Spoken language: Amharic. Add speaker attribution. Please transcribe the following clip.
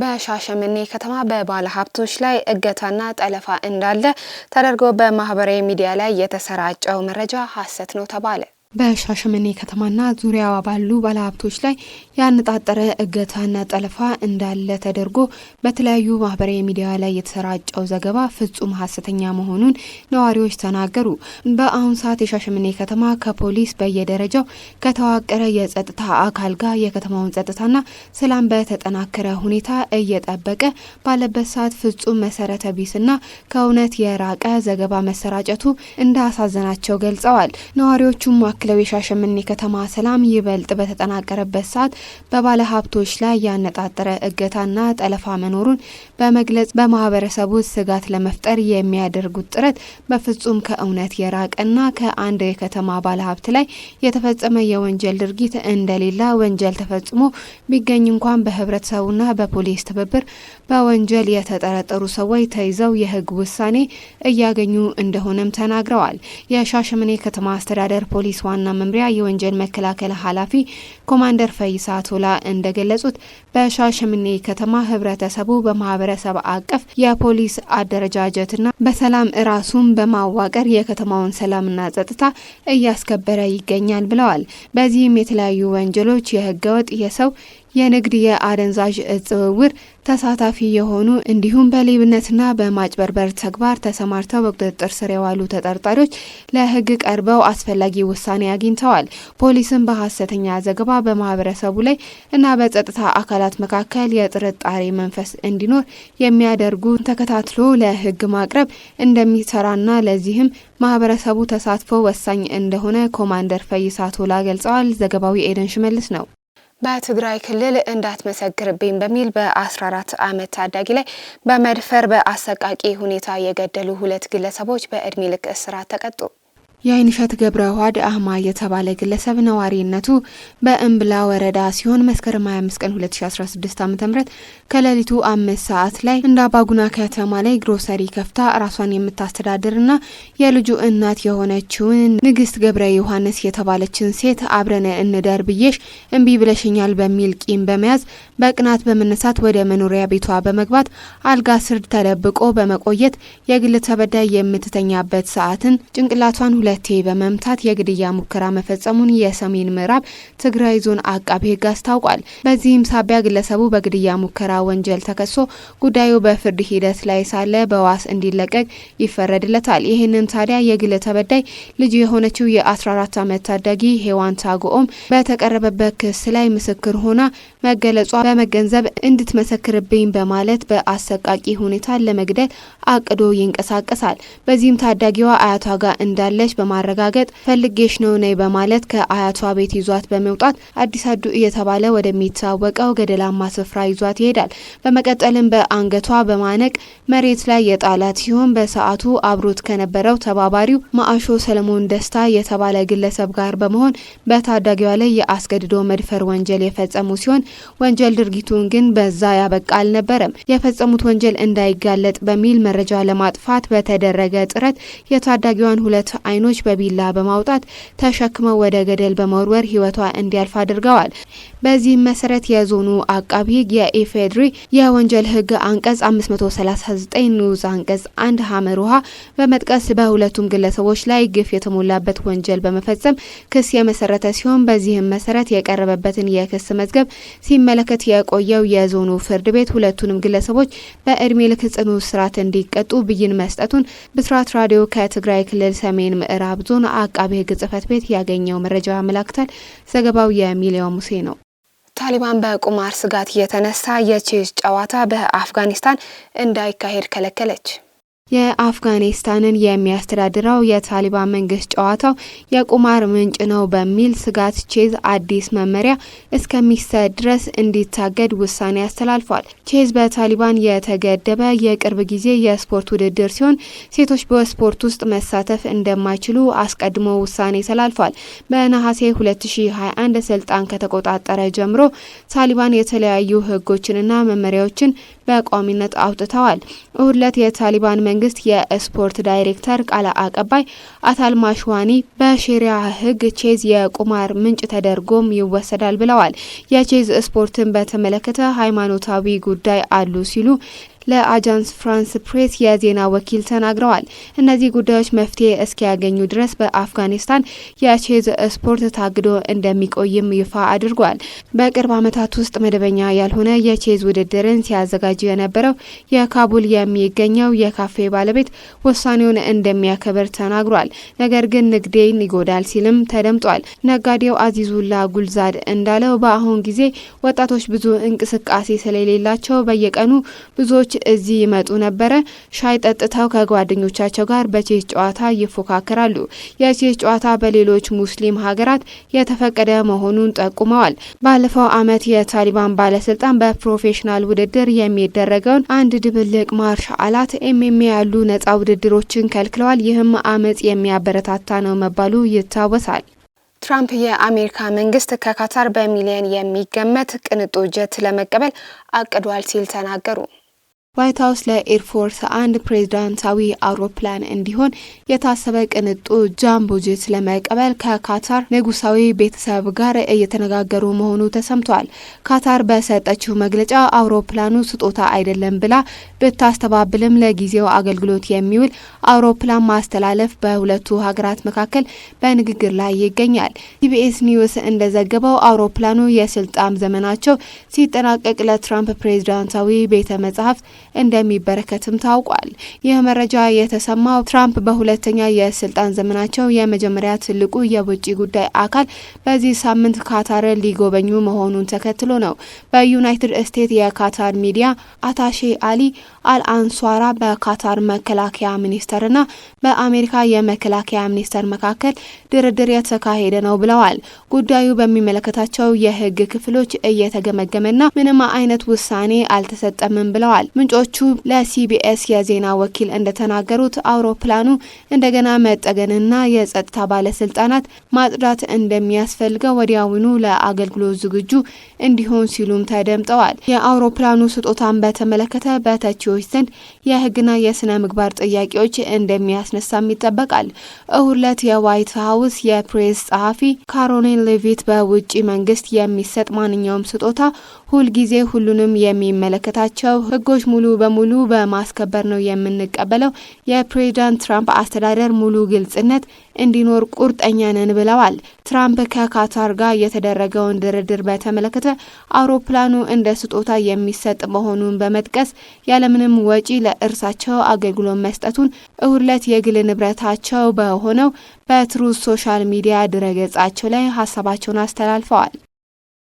Speaker 1: በሻሸመኔ ከተማ በባለ ሀብቶች ላይ እገታና ጠለፋ እንዳለ ተደርጎ በማህበራዊ ሚዲያ ላይ የተሰራጨው መረጃ ሐሰት ነው ተባለ። በሻሸመኔ ከተማና ዙሪያዋ ባሉ ባለሀብቶች ላይ ያነጣጠረ እገታና ጠለፋ እንዳለ ተደርጎ በተለያዩ ማህበራዊ ሚዲያ ላይ የተሰራጨው ዘገባ ፍጹም ሀሰተኛ መሆኑን ነዋሪዎች ተናገሩ። በአሁን ሰዓት የሻሸመኔ ከተማ ከፖሊስ በየደረጃው ከተዋቀረ የጸጥታ አካል ጋር የከተማውን ጸጥታና ሰላም በተጠናከረ ሁኔታ እየጠበቀ ባለበት ሰዓት ፍጹም መሰረተ ቢስና ከእውነት የራቀ ዘገባ መሰራጨቱ እንዳሳዘናቸው ገልጸዋል። ነዋሪዎቹም አክለው የሻሸመኔ ከተማ ሰላም ይበልጥ በተጠናቀረበት ሰዓት በባለ ሀብቶች ላይ ያነጣጠረ እገታና ጠለፋ መኖሩን በመግለጽ በማህበረሰቡ ስጋት ለመፍጠር የሚያደርጉት ጥረት በፍጹም ከእውነት የራቀና ከአንድ የከተማ ባለ ሀብት ላይ የተፈጸመ የወንጀል ድርጊት እንደሌላ ወንጀል ተፈጽሞ ቢገኝ እንኳን በህብረተሰቡና በፖሊስ ትብብር በወንጀል የተጠረጠሩ ሰዎች ተይዘው የህግ ውሳኔ እያገኙ እንደሆነም ተናግረዋል። የሻሸመኔ ከተማ አስተዳደር ፖሊስ ዋና መምሪያ የወንጀል መከላከል ኃላፊ ኮማንደር ፈይሳ ቶላ እንደገለጹት በሻሸምኔ ከተማ ህብረተሰቡ በማህበረሰብ አቀፍ የፖሊስ አደረጃጀትና በሰላም ራሱን በማዋቀር የከተማውን ሰላምና ጸጥታ እያስከበረ ይገኛል ብለዋል። በዚህም የተለያዩ ወንጀሎች፣ የህገወጥ የሰው የንግድ የአደንዛዥ እጽ ዝውውር ተሳታፊ የሆኑ እንዲሁም በሌብነትና በማጭበርበር ተግባር ተሰማርተው በቁጥጥር ስር የዋሉ ተጠርጣሪዎች ለሕግ ቀርበው አስፈላጊ ውሳኔ አግኝተዋል። ፖሊስም በሀሰተኛ ዘገባ በማህበረሰቡ ላይ እና በጸጥታ አካላት መካከል የጥርጣሬ መንፈስ እንዲኖር የሚያደርጉ ተከታትሎ ለሕግ ማቅረብ እንደሚሰራና ለዚህም ማህበረሰቡ ተሳትፎ ወሳኝ እንደሆነ ኮማንደር ፈይሳ ቶላ ገልጸዋል። ዘገባው የኤደን ሽመልስ ነው። በትግራይ ክልል እንዳትመሰግርብኝ በሚል በ14 ዓመት ታዳጊ ላይ በመድፈር በአሰቃቂ ሁኔታ የገደሉ ሁለት ግለሰቦች በእድሜ ልክ እስራት ተቀጡ። የአይንሸት ገብረ ውሃድ አህማ የተባለ ግለሰብ ነዋሪነቱ በእምብላ ወረዳ ሲሆን መስከረም 25 ቀን 2016 ዓ ም ከሌሊቱ አምስት ሰዓት ላይ እንደ አባጉና ከተማ ላይ ግሮሰሪ ከፍታ ራሷን የምታስተዳድርና የልጁ እናት የሆነችውን ንግስት ገብረ ዮሐንስ የተባለችን ሴት አብረን እንደር ብዬሽ እምቢ ብለሽኛል በሚል ቂም በመያዝ በቅናት በመነሳት ወደ መኖሪያ ቤቷ በመግባት አልጋ ስር ተደብቆ በመቆየት የግል ተበዳይ የምትተኛበት ሰዓትን ጭንቅላቷን ሁለቴ በመምታት የግድያ ሙከራ መፈጸሙን የሰሜን ምዕራብ ትግራይ ዞን አቃቤ ሕግ አስታውቋል። በዚህም ሳቢያ ግለሰቡ በግድያ ሙከራ ወንጀል ተከሶ ጉዳዩ በፍርድ ሂደት ላይ ሳለ በዋስ እንዲለቀቅ ይፈረድለታል። ይህንን ታዲያ የግል ተበዳይ ልጅ የሆነችው የ14 ዓመት ታዳጊ ሄዋን ታጎኦም በተቀረበበት ክስ ላይ ምስክር ሆና መገለጿ በመገንዘብ እንድትመሰክርብኝ በማለት በአሰቃቂ ሁኔታ ለመግደል አቅዶ ይንቀሳቀሳል። በዚህም ታዳጊዋ አያቷ ጋር እንዳለች በማረጋገጥ ፈልጌሽ ነው ነይ በማለት ከአያቷ ቤት ይዟት በመውጣት አዲስ አዱ እየተባለ ወደሚታወቀው ገደላማ ስፍራ ይዟት ይሄዳል። በመቀጠልም በአንገቷ በማነቅ መሬት ላይ የጣላት ሲሆን በሰዓቱ አብሮት ከነበረው ተባባሪው ማአሾ ሰለሞን ደስታ የተባለ ግለሰብ ጋር በመሆን በታዳጊዋ ላይ የአስገድዶ መድፈር ወንጀል የፈጸሙ ሲሆን ወንጀል ድርጊቱን ግን በዛ ያበቃ አልነበረም። የፈጸሙት ወንጀል እንዳይጋለጥ በሚል መረጃ ለማጥፋት በተደረገ ጥረት የታዳጊዋን ሁለት አይኖ ቡድኖች በቢላ በማውጣት ተሸክመው ወደ ገደል በመወርወር ህይወቷ እንዲያልፍ አድርገዋል። በዚህም መሰረት የዞኑ አቃቢ ህግ የኢፌድሪ የወንጀል ህግ አንቀጽ 539 ንዑስ አንቀጽ አንድ ሀመር ውሃ በመጥቀስ በሁለቱም ግለሰቦች ላይ ግፍ የተሞላበት ወንጀል በመፈጸም ክስ የመሰረተ ሲሆን በዚህም መሰረት የቀረበበትን የክስ መዝገብ ሲመለከት የቆየው የዞኑ ፍርድ ቤት ሁለቱንም ግለሰቦች በእድሜ ልክ ጽኑ እስራት እንዲቀጡ ብይን መስጠቱን ብስራት ራዲዮ ከትግራይ ክልል ሰሜን ምዕራብ ዞን አቃቢ ህግ ጽህፈት ቤት ያገኘው መረጃ ያመላክታል። ዘገባው የሚሊዮን ሙሴ ነው።
Speaker 2: ታሊባን በቁማር ስጋት የተነሳ የቼዝ ጨዋታ በአፍጋኒስታን እንዳይካሄድ ከለከለች።
Speaker 1: የአፍጋኒስታንን የሚያስተዳድረው የታሊባን መንግስት ጨዋታው የቁማር ምንጭ ነው በሚል ስጋት ቼዝ አዲስ መመሪያ እስከሚሰጥ ድረስ እንዲታገድ ውሳኔ አስተላልፏል። ቼዝ በታሊባን የተገደበ የቅርብ ጊዜ የስፖርት ውድድር ሲሆን ሴቶች በስፖርት ውስጥ መሳተፍ እንደማይችሉ አስቀድሞ ውሳኔ ተላልፏል። በነሐሴ 2021 ስልጣን ከተቆጣጠረ ጀምሮ ታሊባን የተለያዩ ህጎችንና መመሪያዎችን በቋሚነት አውጥተዋል። እሁድ ዕለት የታሊባን መንግስት የስፖርት ዳይሬክተር ቃል አቀባይ አታልማሽዋኒ በሼሪያ ህግ ቼዝ የቁማር ምንጭ ተደርጎም ይወሰዳል ብለዋል። የቼዝ ስፖርትን በተመለከተ ሃይማኖታዊ ጉዳይ አሉ ሲሉ ለአጃንስ ፍራንስ ፕሬስ የዜና ወኪል ተናግረዋል። እነዚህ ጉዳዮች መፍትሄ እስኪያገኙ ድረስ በአፍጋኒስታን የቼዝ ስፖርት ታግዶ እንደሚቆይም ይፋ አድርጓል። በቅርብ ዓመታት ውስጥ መደበኛ ያልሆነ የቼዝ ውድድርን ሲያዘጋጁ የነበረው የካቡል የሚገኘው የካፌ ባለቤት ውሳኔውን እንደሚያከብር ተናግሯል። ነገር ግን ንግዴን ይጎዳል ሲልም ተደምጧል። ነጋዴው አዚዙላ ጉልዛድ እንዳለው በአሁን ጊዜ ወጣቶች ብዙ እንቅስቃሴ ስለሌላቸው በየቀኑ ብዙዎች እዚህ ይመጡ ነበረ። ሻይ ጠጥተው ከጓደኞቻቸው ጋር በቼስ ጨዋታ ይፎካከራሉ። የቼስ ጨዋታ በሌሎች ሙስሊም ሀገራት የተፈቀደ መሆኑን ጠቁመዋል። ባለፈው ዓመት የታሊባን ባለስልጣን በፕሮፌሽናል ውድድር የሚደረገውን አንድ ድብልቅ ማርሻ አላት ኤምኤም ያሉ ነጻ ውድድሮችን ከልክለዋል። ይህም አመጽ የሚያበረታታ ነው መባሉ ይታወሳል።
Speaker 2: ትራምፕ የአሜሪካ መንግስት ከካታር በሚሊየን የሚገመት ቅንጡ ጀት ለመቀበል አቅዷል ሲል ተናገሩ።
Speaker 1: ዋይት ሀውስ ለኤርፎርስ አንድ ፕሬዚዳንታዊ አውሮፕላን እንዲሆን የታሰበ ቅንጡ ጃምቦ ጄት ለመቀበል ከካታር ንጉሳዊ ቤተሰብ ጋር እየተነጋገሩ መሆኑ ተሰምቷል። ካታር በሰጠችው መግለጫ አውሮፕላኑ ስጦታ አይደለም ብላ ብታስተባብልም ለጊዜው አገልግሎት የሚውል አውሮፕላን ማስተላለፍ በሁለቱ ሀገራት መካከል በንግግር ላይ ይገኛል። ሲቢኤስ ኒውስ እንደዘገበው አውሮፕላኑ የስልጣን ዘመናቸው ሲጠናቀቅ ለትራምፕ ፕሬዚዳንታዊ ቤተ መጻሕፍት እንደሚበረከትም ታውቋል። ይህ መረጃ የተሰማው ትራምፕ በሁለተኛ የስልጣን ዘመናቸው የመጀመሪያ ትልቁ የውጭ ጉዳይ አካል በዚህ ሳምንት ካታርን ሊጎበኙ መሆኑን ተከትሎ ነው። በዩናይትድ ስቴትስ የካታር ሚዲያ አታሼ አሊ አልአንሷራ በካታር መከላከያ ሚኒስተርና በአሜሪካ የመከላከያ ሚኒስተር መካከል ድርድር የተካሄደ ነው ብለዋል። ጉዳዩ በሚመለከታቸው የህግ ክፍሎች እየተገመገመና ምንም አይነት ውሳኔ አልተሰጠምም ብለዋል ምንጮ ምንጮቹ ለሲቢኤስ የዜና ወኪል እንደተናገሩት አውሮፕላኑ እንደገና መጠገንና የጸጥታ ባለስልጣናት ማጽዳት እንደሚያስፈልገው ወዲያውኑ ለአገልግሎት ዝግጁ እንዲሆን ሲሉም ተደምጠዋል። የአውሮፕላኑ ስጦታን በተመለከተ በተቺዎች ዘንድ የሕግና የስነ ምግባር ጥያቄዎች እንደሚያስነሳም ይጠበቃል። እሁድ ዕለት የዋይት ሀውስ የፕሬስ ጸሐፊ ካሮሊን ሌቪት በውጭ መንግስት የሚሰጥ ማንኛውም ስጦታ ሁልጊዜ ሁሉንም የሚመለከታቸው ሕጎች ሙሉ በሙሉ በማስከበር ነው የምንቀበለው። የፕሬዚዳንት ትራምፕ አስተዳደር ሙሉ ግልጽነት እንዲኖር ቁርጠኛ ነን ብለዋል። ትራምፕ ከካታር ጋር የተደረገውን ድርድር በተመለከተ አውሮፕላኑ እንደ ስጦታ የሚሰጥ መሆኑን በመጥቀስ ያለምንም ወጪ ለእርሳቸው አገልግሎት መስጠቱን እሁድ ዕለት የግል ንብረታቸው በሆነው በትሩዝ ሶሻል ሚዲያ ድረገጻቸው ላይ ሀሳባቸውን አስተላልፈዋል።